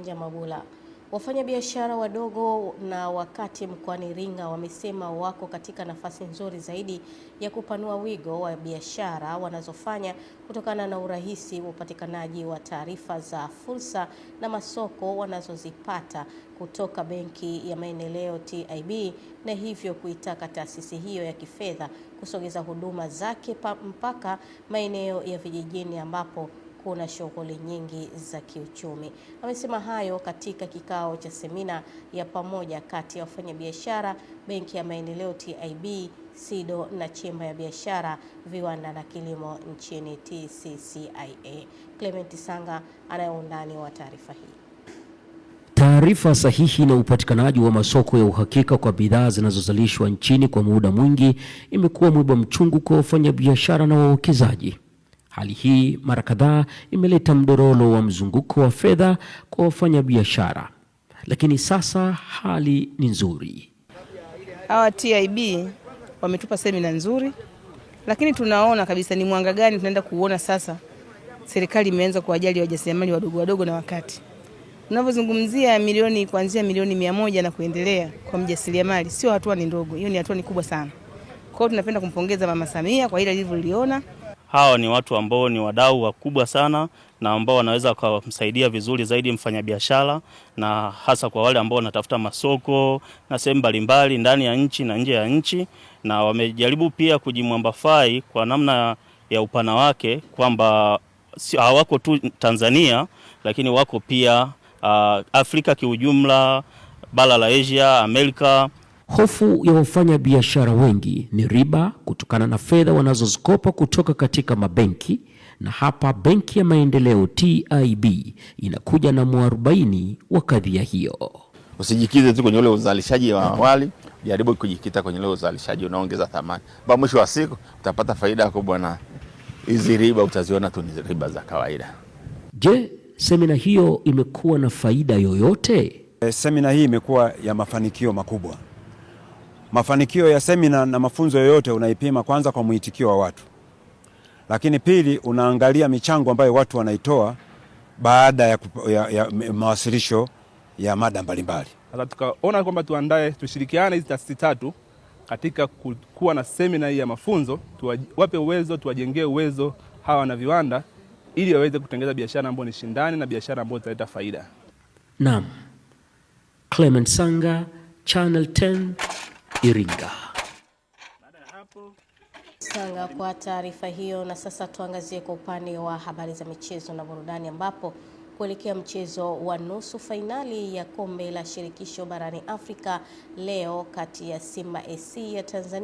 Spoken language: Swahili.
Njamagula. Wafanyabiashara wadogo na wakati mkoani Iringa wamesema wako katika nafasi nzuri zaidi ya kupanua wigo wa biashara wanazofanya kutokana na urahisi wa upatikanaji wa taarifa za fursa na masoko wanazozipata kutoka Benki ya Maendeleo TIB na hivyo kuitaka taasisi hiyo ya kifedha kusogeza huduma zake mpaka maeneo ya vijijini ambapo kuna shughuli nyingi za kiuchumi. Amesema hayo katika kikao cha semina ya pamoja kati ya wafanyabiashara, Benki ya Maendeleo TIB, SIDO na Chemba ya Biashara, Viwanda na Kilimo nchini TCCIA. Clement Sanga anayeundani wa taarifa hii. Taarifa sahihi na upatikanaji wa masoko ya uhakika kwa bidhaa zinazozalishwa nchini kwa muda mwingi imekuwa mwiba mchungu kwa wafanyabiashara na wawekezaji. Hali hii mara kadhaa imeleta mdororo wa mzunguko wa fedha kwa wafanyabiashara, lakini sasa hali ni nzuri. Hawa TIB wametupa semina nzuri, lakini tunaona kabisa ni mwanga gani tunaenda kuona sasa. Serikali imeanza kuwajali wajasiriamali wadogo wadogo, na wakati unavyozungumzia milioni kuanzia milioni mia moja na kuendelea kwa mjasiriamali, sio hatua ni ndogo hiyo, ni hatua ni kubwa sana. Kwa hiyo tunapenda kumpongeza Mama Samia kwa ile alivyoliona hawa ni watu ambao ni wadau wakubwa sana na ambao wanaweza kumsaidia vizuri zaidi mfanyabiashara, na hasa kwa wale ambao wanatafuta masoko na sehemu mbalimbali ndani ya nchi na nje ya nchi, na wamejaribu pia kujimwambafai kwa namna ya upana wake kwamba hawako tu Tanzania, lakini wako pia uh, Afrika kiujumla, bara la Asia, Amerika. Hofu ya wafanya biashara wengi ni riba kutokana na fedha wanazozikopa kutoka katika mabenki, na hapa Benki ya Maendeleo TIB inakuja na mwarobaini wa kadhia hiyo. Usijikize tu kwenye ule uzalishaji wa awali, jaribu kujikita kwenye ule uzalishaji unaongeza thamani, mpaka mwisho wa siku utapata faida kubwa, na hizi riba utaziona tu ni riba za kawaida. Je, semina hiyo imekuwa na faida yoyote? Eh, semina hii imekuwa ya mafanikio makubwa. Mafanikio ya semina na mafunzo yoyote unaipima kwanza kwa mwitikio wa watu, lakini pili unaangalia michango ambayo watu wanaitoa baada ya, ya, ya mawasilisho ya mada mbalimbali. Sasa tukaona kwamba tuandae, tushirikiane hizi taasisi tatu katika kuwa na semina hii ya mafunzo, tuwape uwezo, tuwajengee uwezo hawa wana viwanda ili waweze kutengeneza biashara ambayo ni shindani na biashara ambayo italeta faida. Naam, Clement Sanga, Channel 10. Iringa. Sanga kwa taarifa hiyo. Na sasa tuangazie kwa upande wa habari za michezo na burudani, ambapo kuelekea mchezo wa nusu fainali ya kombe la shirikisho barani Afrika leo kati ya Simba SC ya Tanzania